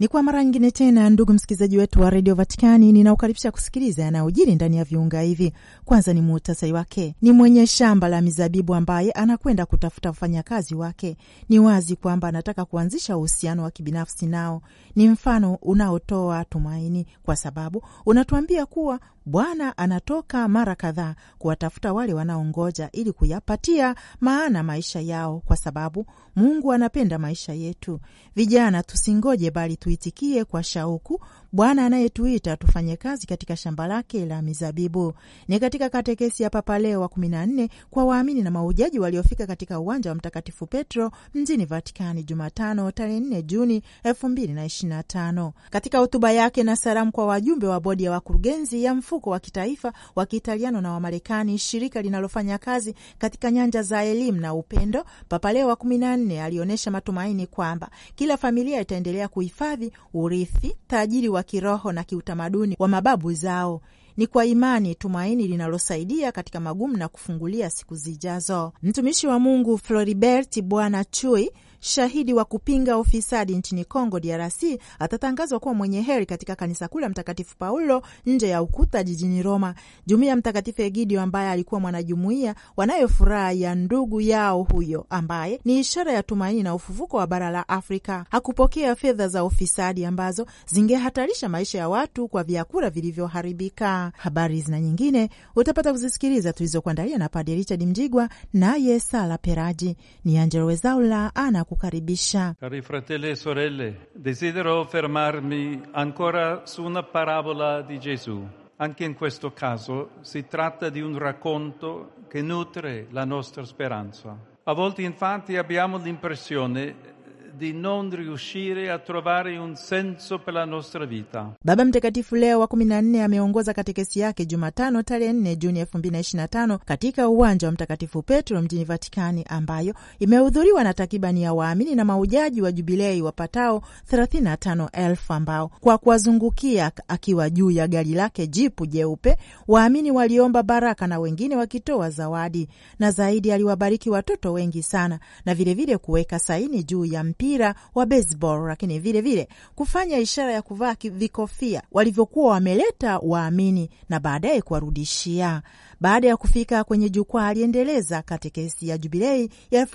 Ni kwa mara nyingine tena, ndugu msikilizaji wetu wa redio Vatikani, ninaokaribisha kusikiliza yanayojiri ndani ya viunga hivi. Kwanza ni muhtasari wake. Ni mwenye shamba la mizabibu ambaye anakwenda kutafuta wafanyakazi wake. Ni wazi kwamba anataka kuanzisha uhusiano wa kibinafsi nao. Ni mfano unaotoa tumaini, kwa sababu unatuambia kuwa Bwana anatoka mara kadhaa kuwatafuta wale wanaongoja ili kuyapatia maana maisha yao, kwa sababu Mungu anapenda maisha yetu. Vijana, tusingoje bali tuitikie kwa shauku Bwana anayetuita tufanye kazi katika shamba lake la mizabibu. Ni katika katekesi ya Papa Leo wa 14 kwa waamini na maujaji waliofika katika uwanja wa Mtakatifu Petro mjini Vatikani Jumatano tarehe 4 Juni 2025. Katika hotuba yake na salamu kwa wajumbe wa bodi ya wakurugenzi ya mfuko wa kitaifa wa Kiitaliano na wamarekani shirika linalofanya kazi katika nyanja za elimu na upendo, Papa Leo wa 14 alionyesha matumaini kwamba kila familia itaendelea kuhifadhi urithi tajiri wa kiroho na kiutamaduni wa mababu zao. Ni kwa imani tumaini linalosaidia katika magumu na kufungulia siku zijazo. Mtumishi wa Mungu Floribert Bwana Chui shahidi wa kupinga ufisadi nchini Congo DRC atatangazwa kuwa mwenye heri katika kanisa kuu la Mtakatifu Paulo nje ya ukuta jijini Roma. Jumuiya Mtakatifu Egidio, ambaye alikuwa mwanajumuiya, wanayo furaha ya ndugu yao huyo ambaye ni ishara ya tumaini na ufufuko wa bara la Afrika. Hakupokea fedha za ufisadi ambazo zingehatarisha maisha ya watu kwa vyakula vilivyoharibika. Habari zina nyingine utapata kuzisikiliza tulizokuandalia na Padre Richard Mjigwa naye Sala Peraji. Ni Angelo Wezaula ana ukaribisha. Cari fratelli e sorelle, desidero fermarmi ancora su una parabola di Gesù. Anche in questo caso si tratta di un racconto che nutre la nostra speranza. A volte infatti abbiamo l'impressione di non riuscire a trovare un senso per la nostra vita. Baba Mtakatifu Leo wa 14 ameongoza katekesi yake Jumatano tarehe 4 Juni 2025 katika uwanja wa Mtakatifu Petro mjini Vatikani, ambayo imehudhuriwa na takribani ya waamini na maujaji wa Jubilei wapatao 35,000 ambao kwa kuwazungukia akiwa juu ya gari lake jipu jeupe, waamini waliomba baraka na wengine wakitoa zawadi, na zaidi aliwabariki watoto wengi sana na vilevile kuweka saini juu ya mpi mpira wa baseball, lakini vilevile vile kufanya ishara ya kuvaa vikofia walivyokuwa wameleta waamini na baadaye kuwarudishia. Baada ya kufika kwenye jukwaa, aliendeleza katekesi ya Jubilei ya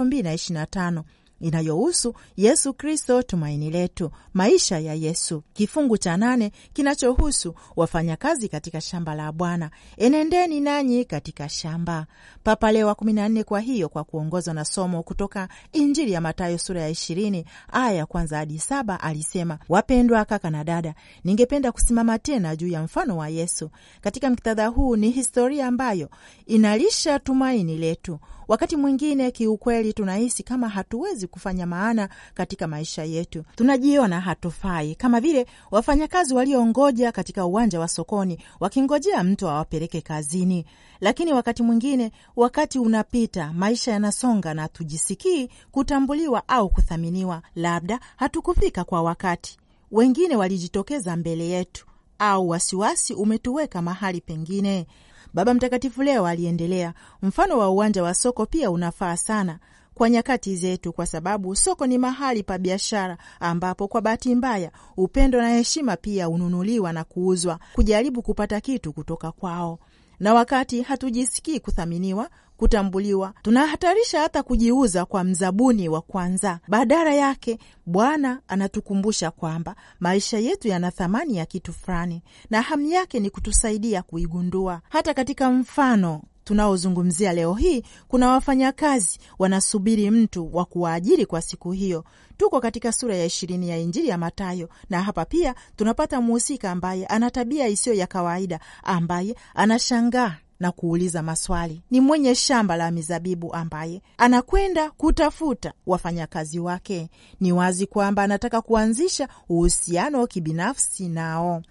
tano inayohusu Yesu Kristo, tumaini letu, maisha ya Yesu. Kifungu cha nane kinachohusu wafanyakazi katika shamba la Bwana, enendeni nanyi katika shamba. Papa Leo wa kumi na nne. Kwa hiyo kwa kuongozwa na somo kutoka Injili ya Matayo sura ya ishirini aya ya kwanza hadi saba alisema, wapendwa kaka na dada, ningependa kusimama tena juu ya mfano wa Yesu. Katika muktadha huu ni historia ambayo inalisha tumaini letu Wakati mwingine kiukweli, tunahisi kama hatuwezi kufanya maana katika maisha yetu, tunajiona hatufai, kama vile wafanyakazi waliongoja katika uwanja wa sokoni wakingojea mtu awapeleke kazini. Lakini wakati mwingine, wakati unapita, maisha yanasonga na hatujisikii kutambuliwa au kuthaminiwa, labda hatukufika kwa wakati, wengine walijitokeza mbele yetu, au wasiwasi umetuweka mahali pengine. Baba Mtakatifu leo aliendelea, mfano wa uwanja wa soko pia unafaa sana kwa nyakati zetu, kwa sababu soko ni mahali pa biashara ambapo kwa bahati mbaya upendo na heshima pia hununuliwa na kuuzwa, kujaribu kupata kitu kutoka kwao na wakati hatujisikii kuthaminiwa kutambuliwa tunahatarisha hata kujiuza kwa mzabuni wa kwanza. Badala yake, Bwana anatukumbusha kwamba maisha yetu yana thamani ya kitu fulani, na hamu yake ni kutusaidia kuigundua. Hata katika mfano tunaozungumzia leo hii, kuna wafanyakazi wanasubiri mtu wa kuwaajiri kwa siku hiyo. Tuko katika sura ya ishirini ya Injili ya Matayo, na hapa pia tunapata mhusika ambaye ana tabia isiyo ya kawaida, ambaye anashangaa na kuuliza maswali. Ni mwenye shamba la mizabibu ambaye anakwenda kutafuta wafanyakazi wake. Ni wazi kwamba anataka kuanzisha uhusiano kibinafsi nao.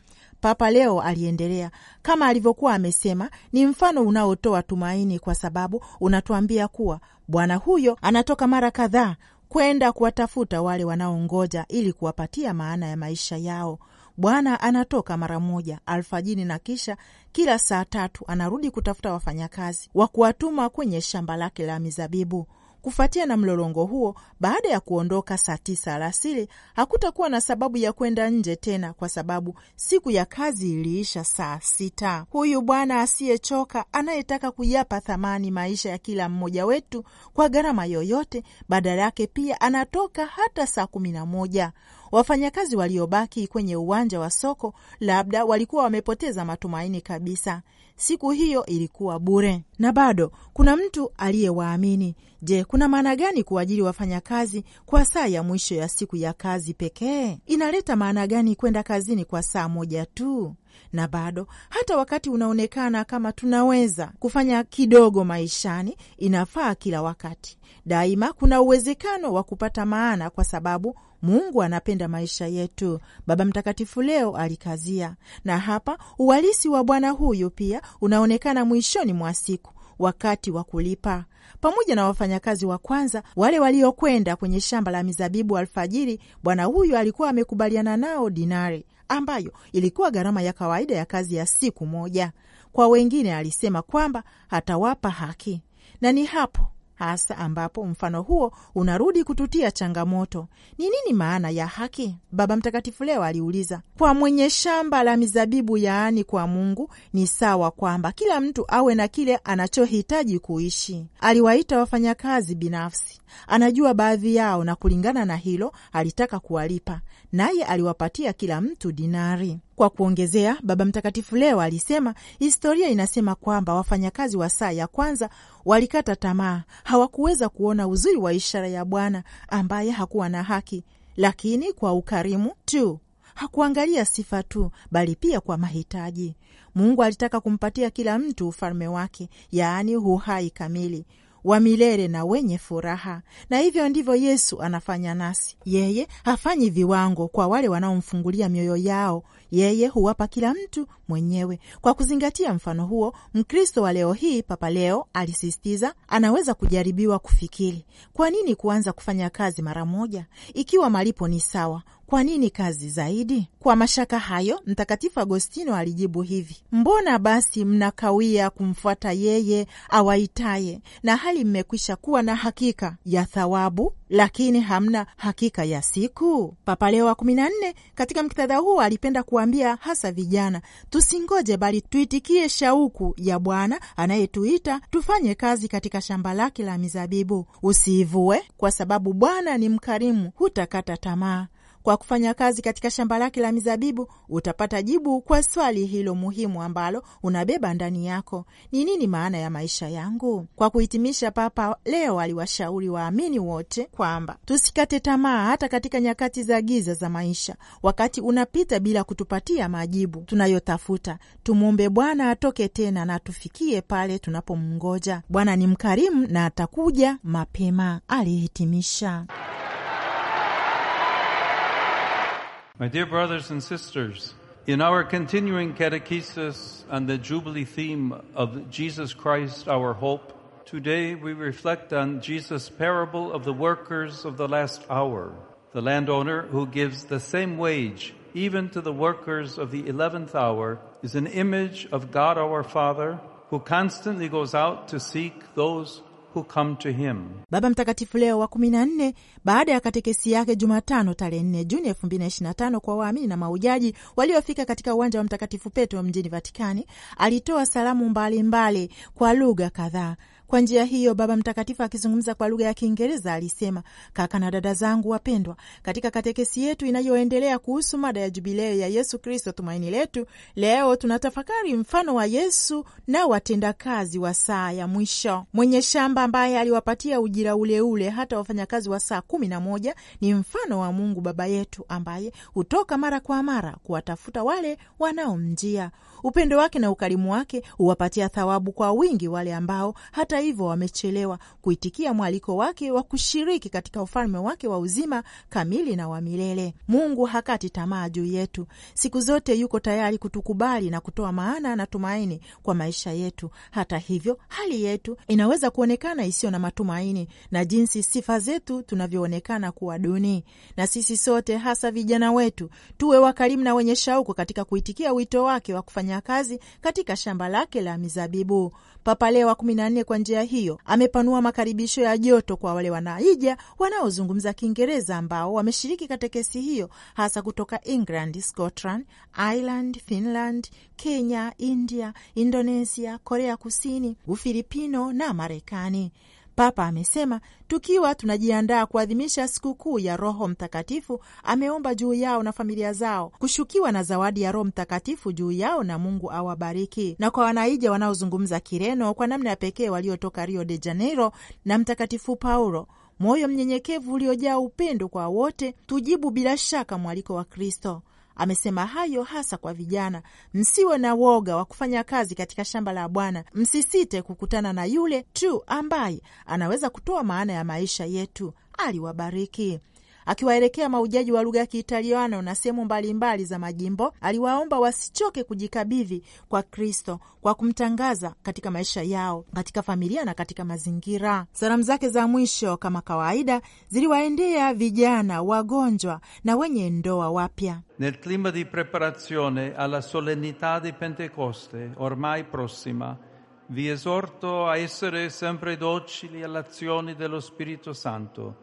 Papa Leo aliendelea, kama alivyokuwa amesema, ni mfano unaotoa tumaini, kwa sababu unatuambia kuwa Bwana huyo anatoka mara kadhaa kwenda kuwatafuta wale wanaongoja ili kuwapatia maana ya maisha yao. Bwana anatoka mara moja alfajini na kisha kila saa tatu anarudi kutafuta wafanyakazi wa kuwatuma kwenye shamba lake la mizabibu. Kufuatia na mlolongo huo, baada ya kuondoka saa tisa alasiri, hakutakuwa na sababu ya kwenda nje tena, kwa sababu siku ya kazi iliisha saa sita. Huyu bwana asiyechoka anayetaka kuyapa thamani maisha ya kila mmoja wetu kwa gharama yoyote, badala yake pia anatoka hata saa kumi na moja. Wafanyakazi waliobaki kwenye uwanja wa soko labda walikuwa wamepoteza matumaini kabisa. Siku hiyo ilikuwa bure, na bado kuna mtu aliyewaamini. Je, kuna maana gani kuajiri wafanyakazi kwa saa ya mwisho ya siku ya kazi pekee? Inaleta maana gani kwenda kazini kwa saa moja tu? na bado hata wakati unaonekana kama tunaweza kufanya kidogo maishani, inafaa kila wakati daima kuna uwezekano wa kupata maana, kwa sababu Mungu anapenda maisha yetu. Baba Mtakatifu leo alikazia, na hapa uhalisi wa Bwana huyu pia unaonekana mwishoni mwa siku wakati wa kulipa pamoja na wafanyakazi wa kwanza wale waliokwenda kwenye shamba la mizabibu alfajiri, bwana huyu alikuwa amekubaliana nao dinari ambayo ilikuwa gharama ya kawaida ya kazi ya siku moja. Kwa wengine alisema kwamba hatawapa haki, na ni hapo hasa ambapo mfano huo unarudi kututia changamoto. Ni nini maana ya haki? Baba Mtakatifu leo aliuliza. Kwa mwenye shamba la mizabibu, yaani kwa Mungu, ni sawa kwamba kila mtu awe na kile anachohitaji kuishi. Aliwaita wafanyakazi binafsi, anajua baadhi yao, na kulingana na hilo alitaka kuwalipa, naye aliwapatia kila mtu dinari. Kwa kuongezea, Baba Mtakatifu Leo alisema historia inasema kwamba wafanyakazi wa saa ya kwanza walikata tamaa, hawakuweza kuona uzuri wa ishara ya Bwana ambaye hakuwa na haki, lakini kwa ukarimu tu hakuangalia sifa tu, bali pia kwa mahitaji. Mungu alitaka kumpatia kila mtu ufalme wake, yaani uhai kamili wa milele na wenye furaha. Na hivyo ndivyo Yesu anafanya nasi. Yeye hafanyi viwango kwa wale wanaomfungulia mioyo yao yeye huwapa kila mtu mwenyewe. Kwa kuzingatia mfano huo, Mkristo wa leo hii, Papa Leo alisisitiza, anaweza kujaribiwa kufikiri, kwa nini kuanza kufanya kazi mara moja ikiwa malipo ni sawa? Kwa nini kazi zaidi? Kwa mashaka hayo, Mtakatifu Agostino alijibu hivi: mbona basi mnakawia kumfuata yeye awaitaye, na hali mmekwisha kuwa na hakika ya thawabu, lakini hamna hakika ya siku? Papa Leo wa kumi na nne katika mktadha huo alipenda kuambia hasa vijana, tusingoje, bali tuitikie shauku ya Bwana anayetuita tufanye kazi katika shamba lake la mizabibu. Usiivue, kwa sababu Bwana ni mkarimu, hutakata tamaa. Kwa kufanya kazi katika shamba lake la mizabibu, utapata jibu kwa swali hilo muhimu ambalo unabeba ndani yako: ni nini maana ya maisha yangu? Kwa kuhitimisha, Papa leo aliwashauri waamini wote kwamba tusikate tamaa hata katika nyakati za giza za maisha. Wakati unapita bila kutupatia majibu tunayotafuta, tumwombe Bwana atoke tena na tufikie pale tunapomngoja. Bwana ni mkarimu na atakuja mapema, alihitimisha. My dear brothers and sisters, in our continuing catechesis on the Jubilee theme of Jesus Christ, our hope, today we reflect on Jesus' parable of the workers of the last hour, the landowner who gives the same wage even to the workers of the 11th hour is an image of God our Father who constantly goes out to seek those who come to him. Baba Mtakatifu Leo wa 14 baada ya katekesi yake Jumatano tarehe 4 Juni 2025 kwa waamini na maujaji waliofika katika uwanja wa Mtakatifu Petro mjini Vatikani alitoa salamu mbalimbali mbali kwa lugha kadhaa kwa njia hiyo, Baba Mtakatifu akizungumza kwa lugha ya Kiingereza alisema: kaka na dada zangu wapendwa, katika katekesi yetu inayoendelea kuhusu mada ya jubileo ya Yesu Kristo tumaini letu, leo tunatafakari mfano wa Yesu na watendakazi wa saa ya mwisho. Mwenye shamba ambaye aliwapatia ujira uleule hata wafanyakazi wa saa kumi na moja ni mfano wa Mungu Baba yetu ambaye hutoka mara kwa mara kuwatafuta wale wanaomjia. Upendo wake na ukarimu wake huwapatia thawabu kwa wingi wale ambao hata hivyo wamechelewa kuitikia mwaliko wake wa kushiriki katika ufalme wake wa uzima kamili na wa milele. Mungu hakati tamaa juu yetu, siku zote yuko tayari kutukubali na kutoa maana na tumaini kwa maisha yetu. Hata hivyo, hali yetu inaweza kuonekana isiyo na matumaini na jinsi sifa zetu tunavyoonekana kuwa duni, na sisi sote, hasa vijana wetu, tuwe wakarimu na wenye shauku katika kuitikia wito wake wa kufanya kufanya kazi katika shamba lake la mizabibu. Papa Leo wa kumi na nne, kwa njia hiyo amepanua makaribisho ya joto kwa wale wanaija wanaozungumza Kiingereza ambao wameshiriki katekesi hiyo hasa kutoka England, Scotland, Ireland, Finland, Kenya, India, Indonesia, Korea Kusini, Ufilipino na Marekani. Papa amesema tukiwa tunajiandaa kuadhimisha sikukuu ya Roho Mtakatifu, ameomba juu yao na familia zao kushukiwa na zawadi ya Roho Mtakatifu juu yao na Mungu awabariki. Na kwa wanaija wanaozungumza Kireno kwa namna ya pekee waliotoka Rio de Janeiro na Mtakatifu Paulo, moyo mnyenyekevu uliojaa upendo kwa wote, tujibu bila shaka mwaliko wa Kristo. Amesema hayo hasa kwa vijana: msiwe na woga wa kufanya kazi katika shamba la Bwana, msisite kukutana na yule tu ambaye anaweza kutoa maana ya maisha yetu. Aliwabariki. Akiwaelekea maujaji wa lugha ya Kiitaliano na sehemu mbalimbali za majimbo, aliwaomba wasichoke kujikabidhi kwa Kristo kwa kumtangaza katika maisha yao, katika familia na katika mazingira. Salamu zake za mwisho kama kawaida ziliwaendea vijana, wagonjwa na wenye ndoa wapya. Nel clima di preparazione alla solennità di Pentecoste ormai prossima vi esorto a essere sempre docili all'azione dello Spirito Santo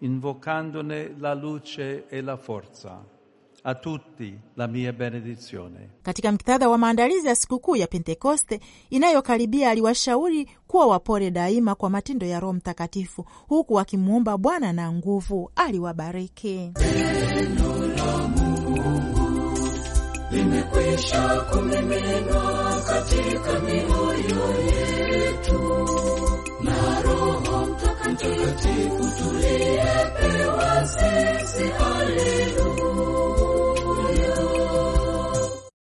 invocandone la luce e la forza. A tutti la mia benedizione. Katika mktadha wa maandalizi ya sikukuu ya Pentekoste inayokaribia, aliwashauri kuwa wapore daima kwa matendo ya Roho Mtakatifu, huku akimwomba Bwana na nguvu aliwabariki. limekwisha kumiminwa katika mioyo yetu na Roho Mtakatifu tuliyepewa sisi. Haleluya.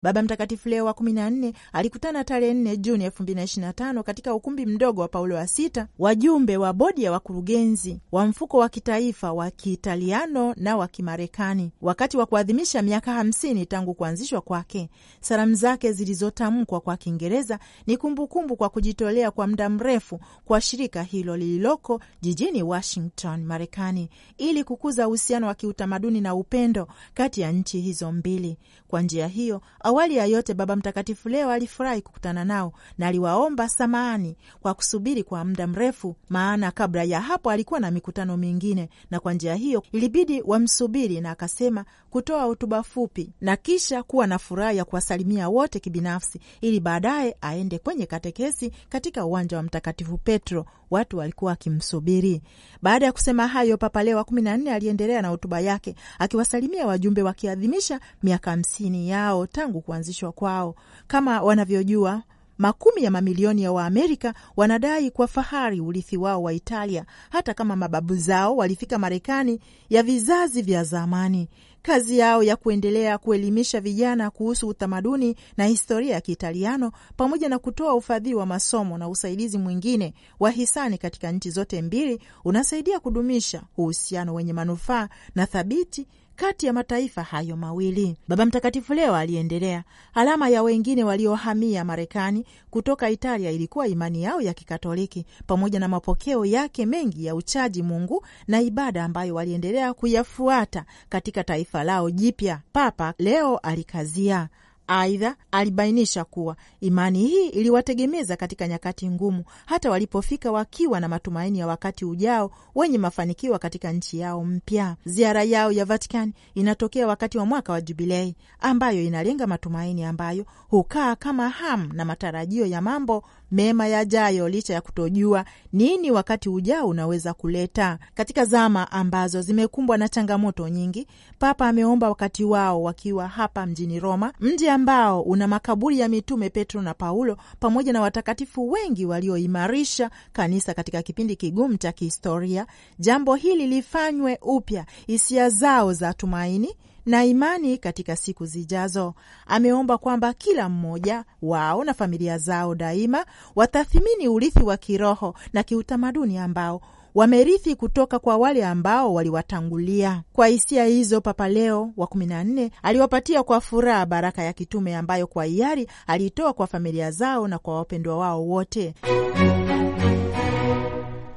Baba Mtakatifu Leo wa 14 alikutana tarehe 4 Juni 2025 katika ukumbi mdogo wa Paulo wa Sita wajumbe wa bodi ya wakurugenzi wa mfuko wa kitaifa wa Kiitaliano na wa Kimarekani wakati wa kuadhimisha miaka hamsini tangu kuanzishwa kwake. Salamu zake zilizotamkwa kwa Kiingereza ni kumbukumbu kumbu kwa kujitolea kwa muda mrefu kwa shirika hilo lililoko jijini Washington, Marekani, ili kukuza uhusiano wa kiutamaduni na upendo kati ya nchi hizo mbili. Kwa njia hiyo Awali ya yote, Baba Mtakatifu leo alifurahi kukutana nao na aliwaomba samahani kwa kusubiri kwa muda mrefu, maana kabla ya hapo alikuwa na mikutano mingine, na kwa njia hiyo ilibidi wamsubiri, na akasema kutoa hotuba fupi na kisha kuwa na furaha ya kuwasalimia wote kibinafsi, ili baadaye aende kwenye katekesi katika uwanja wa Mtakatifu Petro watu walikuwa wakimsubiri. Baada ya kusema hayo, Papa Leo wa kumi na nne aliendelea na hotuba yake akiwasalimia wajumbe wakiadhimisha miaka hamsini yao tangu kuanzishwa kwao. Kama wanavyojua makumi ya mamilioni ya Waamerika wanadai kwa fahari urithi wao wa Italia, hata kama mababu zao walifika Marekani ya vizazi vya zamani. Kazi yao ya kuendelea kuelimisha vijana kuhusu utamaduni na historia ya Kiitaliano pamoja na kutoa ufadhili wa masomo na usaidizi mwingine wa hisani katika nchi zote mbili unasaidia kudumisha uhusiano wenye manufaa na thabiti kati ya mataifa hayo mawili. Baba Mtakatifu leo aliendelea, alama ya wengine waliohamia Marekani kutoka Italia ilikuwa imani yao ya Kikatoliki pamoja na mapokeo yake mengi ya uchaji Mungu na ibada ambayo waliendelea kuyafuata katika taifa lao jipya. Papa leo alikazia Aidha, alibainisha kuwa imani hii iliwategemeza katika nyakati ngumu, hata walipofika wakiwa na matumaini ya wakati ujao wenye mafanikio katika nchi yao mpya. Ziara yao ya Vatikani inatokea wakati wa mwaka wa Jubilei, ambayo inalenga matumaini ambayo hukaa kama hamu na matarajio ya mambo mema yajayo, licha ya kutojua nini wakati ujao unaweza kuleta. Katika zama ambazo zimekumbwa na changamoto nyingi, Papa ameomba wakati wao wakiwa hapa mjini Roma, mji ambao una makaburi ya mitume Petro na Paulo pamoja na watakatifu wengi walioimarisha kanisa katika kipindi kigumu cha kihistoria, jambo hili lifanywe upya hisia zao za tumaini na imani katika siku zijazo. Ameomba kwamba kila mmoja wao na familia zao daima watathimini urithi wa kiroho na kiutamaduni ambao wamerithi kutoka kwa wale ambao waliwatangulia. Kwa hisia hizo, Papa Leo wa kumi na nne aliwapatia kwa furaha baraka ya kitume ambayo kwa hiari aliitoa kwa familia zao na kwa wapendwa wao wote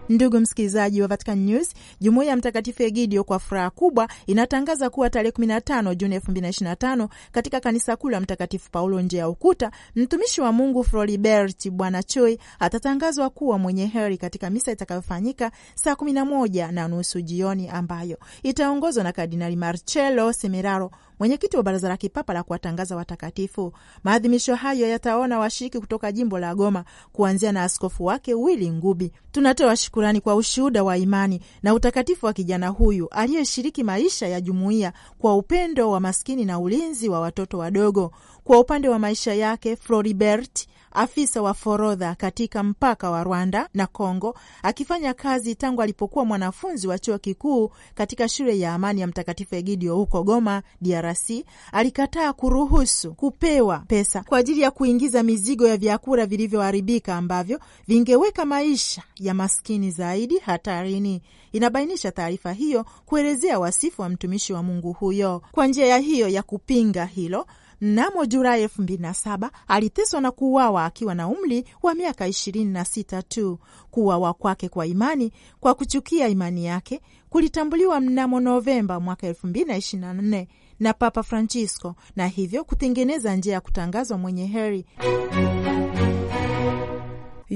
Ndugu msikilizaji wa Vatican News, jumuiya ya Mtakatifu Egidio kwa furaha kubwa inatangaza kuwa tarehe 15 Juni 2025 katika kanisa kuu la Mtakatifu Paulo nje ya ukuta, mtumishi wa Mungu Floribert Bwana Choi atatangazwa kuwa mwenye heri katika misa itakayofanyika saa 11 na nusu jioni ambayo itaongozwa na Kardinali Marcello Semeraro, mwenyekiti wa Baraza la Kipapa la kuwatangaza watakatifu. Maadhimisho hayo yataona washiriki kutoka jimbo la Goma kuanzia na askofu wake Willy Ngubi. Tunatoa shukurani kwa ushuhuda wa imani na utakatifu wa kijana huyu aliyeshiriki maisha ya jumuiya kwa upendo wa maskini na ulinzi wa watoto wadogo. Kwa upande wa maisha yake Floribert afisa wa forodha katika mpaka wa Rwanda na Kongo, akifanya kazi tangu alipokuwa mwanafunzi wa chuo kikuu katika shule ya amani ya Mtakatifu Egidio huko Goma, DRC. Alikataa kuruhusu kupewa pesa kwa ajili ya kuingiza mizigo ya vyakula vilivyoharibika ambavyo vingeweka maisha ya maskini zaidi hatarini, inabainisha taarifa hiyo, kuelezea wasifu wa mtumishi wa Mungu huyo. Kwa njia ya hiyo ya kupinga hilo Mnamo Julai 2007 aliteswa na kuuawa akiwa na umri wa miaka 26 tu. Kuuawa kwake kwa imani kwa kuchukia imani yake kulitambuliwa mnamo Novemba mwaka 2024 na Papa Francisco na hivyo kutengeneza njia ya kutangazwa mwenye heri.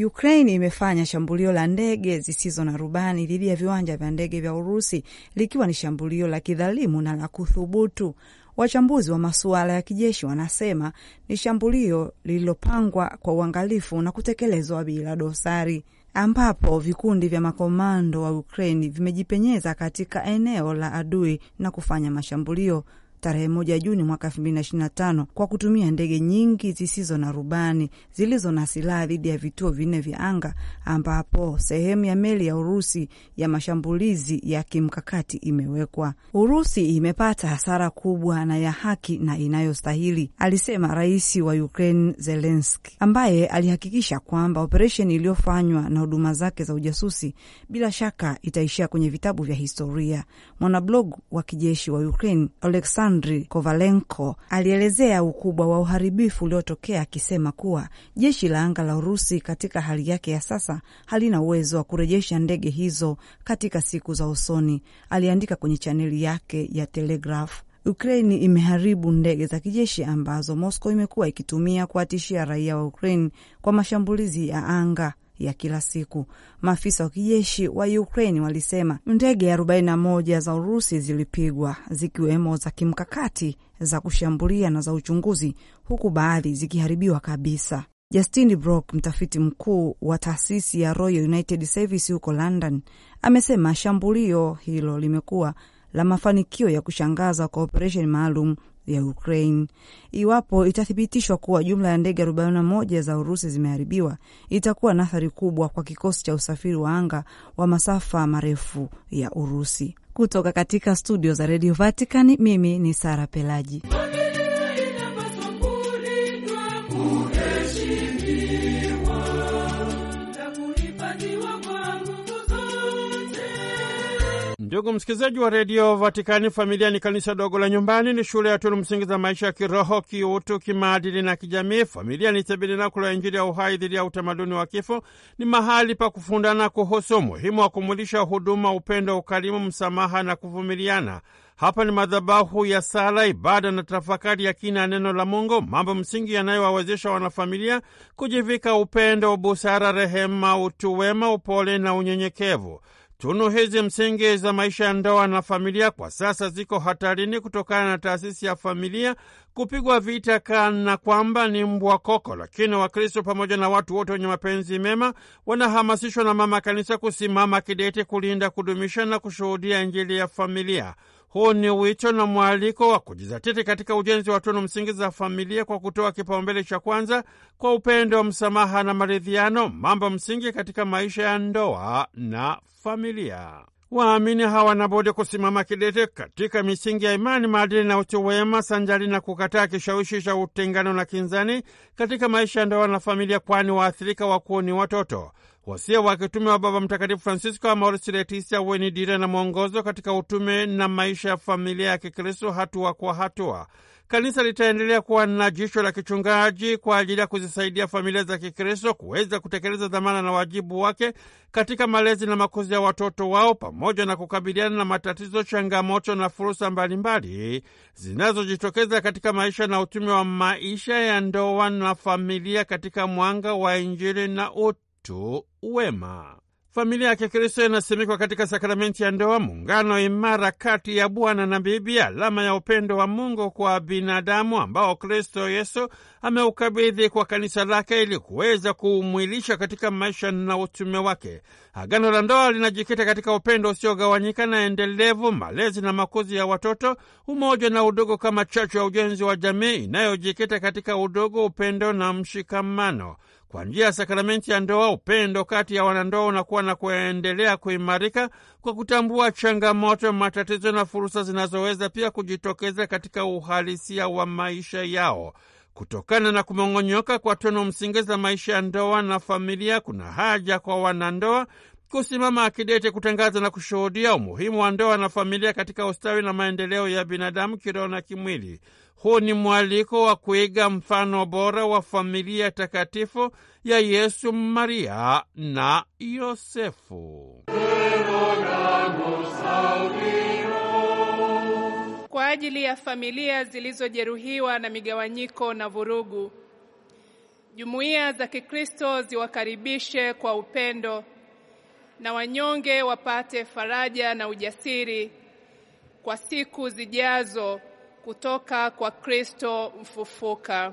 Ukraine imefanya shambulio la ndege zisizo na rubani dhidi ya viwanja vya ndege vya Urusi likiwa ni shambulio la kidhalimu na la kuthubutu. Wachambuzi wa masuala ya kijeshi wanasema ni shambulio lililopangwa kwa uangalifu na kutekelezwa bila dosari, ambapo vikundi vya makomando wa Ukraini vimejipenyeza katika eneo la adui na kufanya mashambulio tarehe moja Juni mwaka elfu mbili na ishirini na tano kwa kutumia ndege nyingi zisizo na rubani zilizo na silaha dhidi ya vituo vinne vya anga, ambapo sehemu ya meli ya Urusi ya mashambulizi ya kimkakati imewekwa. Urusi imepata hasara kubwa na ya haki na inayostahili, alisema rais wa Ukraine Zelenski, ambaye alihakikisha kwamba operesheni iliyofanywa na huduma zake za ujasusi bila shaka itaishia kwenye vitabu vya historia. Mwanablog wa kijeshi wa Ukraine Andri Kovalenko alielezea ukubwa wa uharibifu uliotokea akisema kuwa jeshi la anga la Urusi katika hali yake ya sasa halina uwezo wa kurejesha ndege hizo katika siku za usoni, aliandika kwenye chaneli yake ya telegraf Ukraini imeharibu ndege za kijeshi ambazo Moscow imekuwa ikitumia kuwatishia raia wa Ukraine kwa mashambulizi ya anga ya kila siku. Maafisa wa kijeshi wa Ukraine walisema ndege 41 za Urusi zilipigwa zikiwemo za kimkakati, za kushambulia na za uchunguzi, huku baadhi zikiharibiwa kabisa. Justin Brock, mtafiti mkuu wa taasisi ya Royal United Service huko London, amesema shambulio hilo limekuwa la mafanikio ya kushangaza kwa operesheni maalum ya Ukraine. Iwapo itathibitishwa kuwa jumla ya ndege 41 za Urusi zimeharibiwa, itakuwa na athari kubwa kwa kikosi cha usafiri wa anga wa masafa marefu ya Urusi. Kutoka katika studio za Radio Vatican, mimi ni Sara Pelaji. Ndugu msikilizaji wa redio Vatikani, familia ni kanisa dogo la nyumbani, ni shule ya tunu msingi za maisha ya kiroho, kiutu, kimaadili na kijamii. Familia ni tabernakulo ya Injili ya uhai dhidi ya utamaduni wa kifo, ni mahali pa kufundana kuhusu umuhimu wa kumulisha huduma, upendo, ukarimu, msamaha na kuvumiliana. Hapa ni madhabahu ya sala, ibada na tafakari ya kina neno la Mungu, mambo msingi yanayowawezesha wanafamilia kujivika upendo, busara, rehema, utu wema, upole na unyenyekevu. Tunu hizi msingi za maisha ya ndoa na familia kwa sasa ziko hatarini kutokana na taasisi ya familia kupigwa vita kana kwamba ni mbwa koko. Lakini Wakristo pamoja na watu wote wenye mapenzi mema wanahamasishwa na Mama Kanisa kusimama kidete kulinda, kudumisha na kushuhudia Injili ya familia. Huu ni wito na mwaliko wa kujizatiti katika ujenzi wa tunu msingi za familia kwa kutoa kipaumbele cha kwanza kwa upendo wa msamaha na maridhiano, mambo msingi katika maisha ya ndoa na familia. Waamini hawana budi kusimama kidete katika misingi ya imani, maadili na utu wema, sanjari na kukataa kishawishi cha utengano na kinzani katika maisha ya ndoa na familia, kwani waathirika wakuu ni watoto. Wasia wa kitume wa Baba Mtakatifu Francisco, Amoris Laetitia, uwe ni dira na mwongozo katika utume na maisha ya familia ya Kikristo, hatua kwa hatua. Kanisa litaendelea kuwa na jicho la kichungaji kwa ajili ya kuzisaidia familia za Kikristo kuweza kutekeleza dhamana na wajibu wake katika malezi na makuzi ya watoto wao pamoja na kukabiliana na matatizo, changamoto na fursa mbalimbali zinazojitokeza katika maisha na utumi wa maisha ya ndoa na familia katika mwanga wa Injili na utu wema. Familia ya Kikristo inasimikwa katika sakramenti ya ndoa, muungano imara kati ya bwana na bibi, alama ya upendo wa Mungu kwa binadamu ambao Kristo Yesu ameukabidhi kwa kanisa lake ili kuweza kuumwilisha katika maisha na utume wake. Agano la ndoa linajikita katika upendo usiogawanyika na endelevu, malezi na makuzi ya watoto, umoja na udugu kama chachu ya ujenzi wa jamii inayojikita katika udugu, upendo na mshikamano. Kwa njia ya sakramenti ya ndoa, upendo kati ya wanandoa unakuwa na kuendelea kuimarika kwa kutambua changamoto, matatizo na fursa zinazoweza pia kujitokeza katika uhalisia wa maisha yao. Kutokana na kumong'onyoka kwa tunu msingi za maisha ya ndoa na familia, kuna haja kwa wanandoa kusimama akidete kutangaza na kushuhudia umuhimu wa ndoa na familia katika ustawi na maendeleo ya binadamu kiroho na kimwili. Huu ni mwaliko wa kuiga mfano bora wa familia takatifu ya Yesu, Maria na Yosefu. Kwa ajili ya familia zilizojeruhiwa na migawanyiko na vurugu, jumuiya za Kikristo ziwakaribishe kwa upendo na wanyonge wapate faraja na ujasiri kwa siku zijazo kutoka kwa Kristo mfufuka.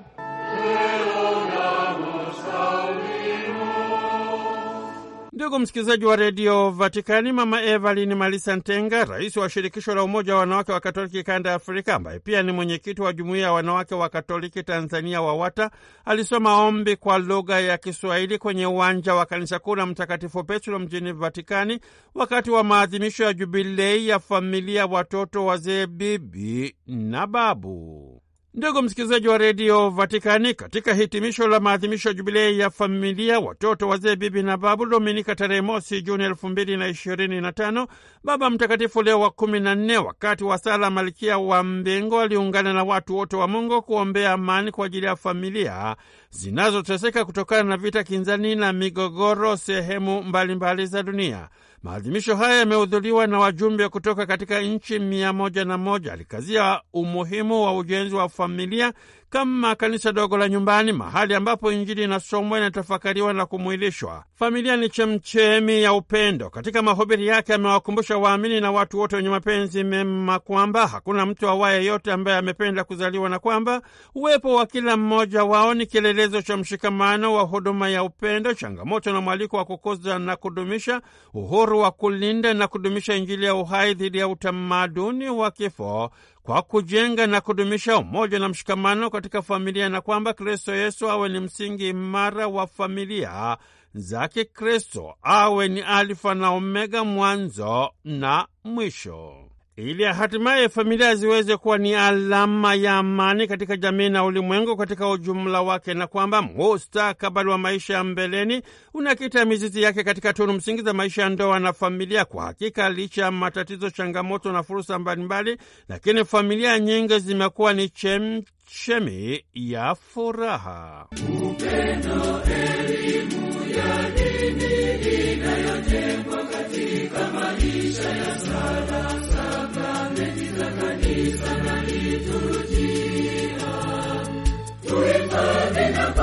Ndugu msikilizaji wa redio Vatikani, Mama Evelin Malisa Ntenga, rais wa shirikisho la umoja wa wanawake wa Katoliki kanda ya Afrika, ambaye pia ni mwenyekiti wa jumuiya ya wanawake wa Katoliki Tanzania WAWATA, alisoma ombi kwa lugha ya Kiswahili kwenye uwanja wa kanisa kuu la Mtakatifu Petro mjini Vatikani, wakati wa maadhimisho ya jubilei ya familia, watoto, wazee, bibi na babu. Ndugu msikilizaji wa redio Vatikani, katika hitimisho la maadhimisho ya jubilei ya familia, watoto, wazee, bibi na babu, Dominika tarehe mosi Juni elfu mbili na ishirini na tano, Baba Mtakatifu Leo wa kumi na nne, wakati wa sala Malkia wa Mbingo, aliungana na watu wote wa Mungu kuombea amani kwa ajili ya familia zinazoteseka kutokana na vita, kinzani na migogoro sehemu mbalimbali mbali za dunia. Maadhimisho haya yamehudhuriwa na wajumbe kutoka katika nchi mia moja na moja. Alikazia umuhimu wa ujenzi wa familia kama kanisa dogo la nyumbani, mahali ambapo Injili inasomwa, inatafakariwa na kumwilishwa. Familia ni chemchemi ya upendo. Katika mahubiri yake amewakumbusha waamini na watu wote wenye mapenzi mema kwamba hakuna mtu awaye yote ambaye amependa kuzaliwa na kwamba uwepo wa kila mmoja wao ni kielelezo cha mshikamano wa huduma ya upendo, changamoto na mwaliko wa kukuza na kudumisha uhuru wa kulinda na kudumisha Injili ya uhai dhidi ya utamaduni wa kifo kwa kujenga na kudumisha umoja na mshikamano katika familia na kwamba Kristo Yesu awe ni msingi imara wa familia za Kikristo, awe ni Alifa na Omega, mwanzo na mwisho ili hatimaye familia ziweze kuwa ni alama ya amani katika jamii na ulimwengu katika ujumla wake, na kwamba mustakabali wa maisha ya mbeleni unakita mizizi yake katika tunu msingi za maisha ya ndoa na familia. Kwa hakika, licha ya matatizo, changamoto na fursa mbalimbali, lakini familia nyingi zimekuwa ni chemchemi ya furaha Upendo, elimu ya dini katika maisha ya sala kanisa na tuhifadhi na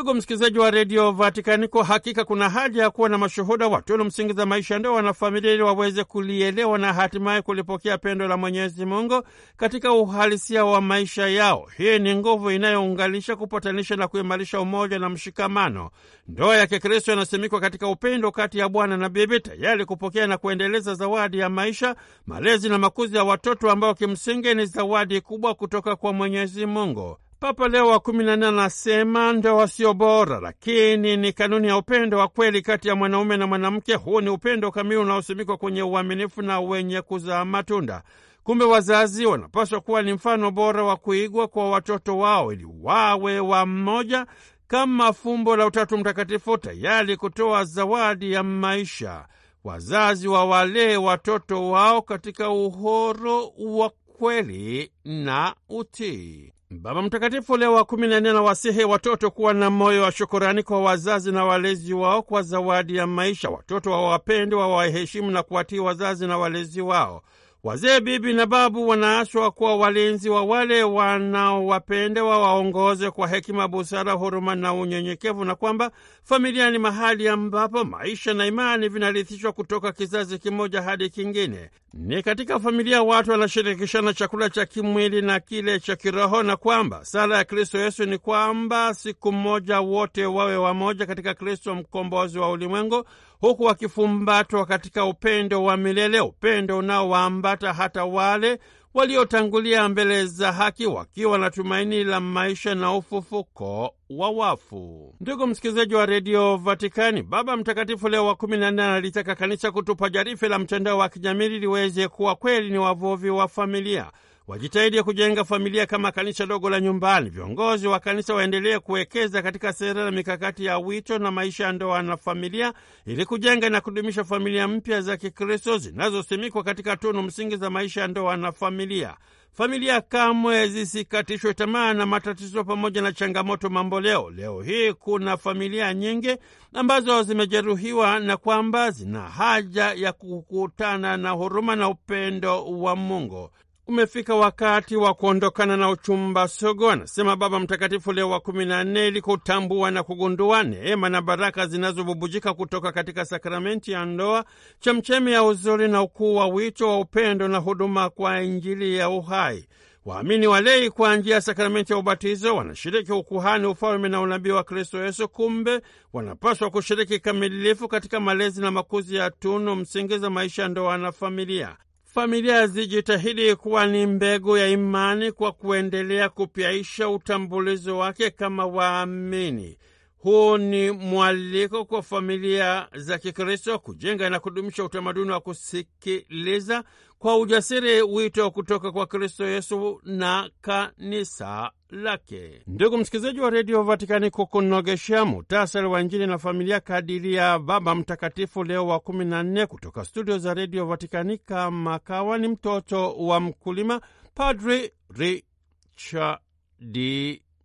Ndugu msikilizaji wa redio Vatikani, kwa hakika kuna haja ya kuwa na mashuhuda, watunu msingi za maisha ndio wanafamilia, ili waweze kulielewa na hatimaye kulipokea pendo la Mwenyezi Mungu katika uhalisia wa maisha yao. Hii ni nguvu inayounganisha, kupatanisha na kuimarisha umoja na mshikamano. Ndoa ya Kikristo inasimikwa katika upendo kati ya bwana na bibi, tayari kupokea na kuendeleza zawadi ya maisha, malezi na makuzi ya watoto, ambao kimsingi ni zawadi kubwa kutoka kwa Mwenyezi Mungu. Papa Leo wa kumi na nne anasema ndoa sio bora, lakini ni kanuni ya upendo wa kweli kati ya mwanaume na mwanamke. Huu ni upendo kamili unaosimikwa kwenye uaminifu na wenye kuzaa matunda. Kumbe wazazi wanapaswa kuwa ni mfano bora wa kuigwa kwa watoto wao, ili wawe wa mmoja kama fumbo la Utatu Mtakatifu, tayari kutoa zawadi ya maisha. Wazazi wawalee watoto wao katika uhoro wa kweli na utii. Baba Mtakatifu Leo wa kumi na nne anawasihi watoto kuwa na moyo wa shukurani kwa wazazi na walezi wao kwa zawadi ya maisha. Watoto wawapende, wawaheshimu na kuwatii wazazi na walezi wao. Wazee, bibi na babu wanaaswa kuwa walinzi wa wale wanaowapende waongoze kwa hekima, busara, huruma na unyenyekevu, na kwamba familia ni mahali ambapo maisha na imani vinarithishwa kutoka kizazi kimoja hadi kingine. Ni katika familia watu wanashirikishana chakula cha kimwili na kile cha kiroho, na kwamba sala ya Kristo Yesu ni kwamba siku moja wote wawe wamoja katika Kristo, mkombozi wa ulimwengu huku wakifumbatwa katika upendo wa milele, upendo unaowaambata hata wale waliotangulia mbele za haki wakiwa na tumaini la maisha na ufufuko wa wafu. Ndugu msikilizaji wa redio Vatikani, Baba Mtakatifu Leo wa kumi na nne analitaka kanisa kutupa jarife la mtandao wa kijamii liweze kuwa kweli ni wavuvi wa familia wajitahidi kujenga familia kama kanisa dogo la nyumbani. Viongozi wa kanisa waendelee kuwekeza katika sera na mikakati ya wito na maisha ya ndoa na familia, ili kujenga na kudumisha familia mpya za Kikristo zinazosimikwa katika tunu msingi za maisha ya ndoa na familia. Familia kamwe zisikatishwe tamaa na matatizo pamoja na changamoto mamboleo. Leo hii kuna familia nyingi ambazo zimejeruhiwa na kwamba zina haja ya kukutana na huruma na upendo wa Mungu umefika wakati wa kuondokana na uchumba sogo anasema Baba Mtakatifu Leo wa kumi na nne, ili kutambua na kugundua neema na baraka zinazobubujika kutoka katika sakramenti ya ndoa, chemchemi ya uzuri na ukuu wa wito wa upendo na huduma kwa Injili ya uhai. Waamini walei kwa njia ya sakramenti ya ubatizo wanashiriki ukuhani, ufalme na unabii wa Kristo Yesu. Kumbe wanapaswa kushiriki kamilifu katika malezi na makuzi ya tunu msingi za maisha ya ndoa na familia. Familia zijitahidi kuwa ni mbegu ya imani kwa kuendelea kupyaisha utambulizo wake kama waamini. Huu ni mwaliko kwa familia za Kikristo kujenga na kudumisha utamaduni wa kusikiliza kwa ujasiri wito kutoka kwa Kristo Yesu na kanisa lake. Ndugu msikilizaji wa redio Vatikani, kukunogeshea muhtasari wa Injili na familia kadiri ya Baba Mtakatifu Leo wa kumi na nne, kutoka studio za redio Vatikani. Kama kawa ni mtoto wa mkulima, Padri Richard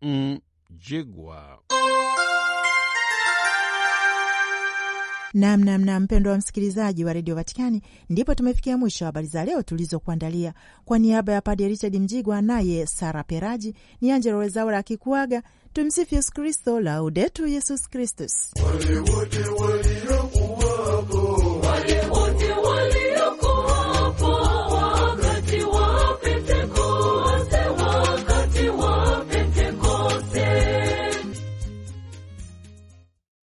Mjigwa. Namnamna mpendo wa msikilizaji wa redio Vatikani, ndipo tumefikia mwisho wa habari za leo tulizokuandalia. Kwa niaba ya Padre Richard Mjigwa naye Sara Peraji ni Angelo Wezaura akikuaga. Tumsifu Yesu Kristo, Laudetu Yesus Kristus.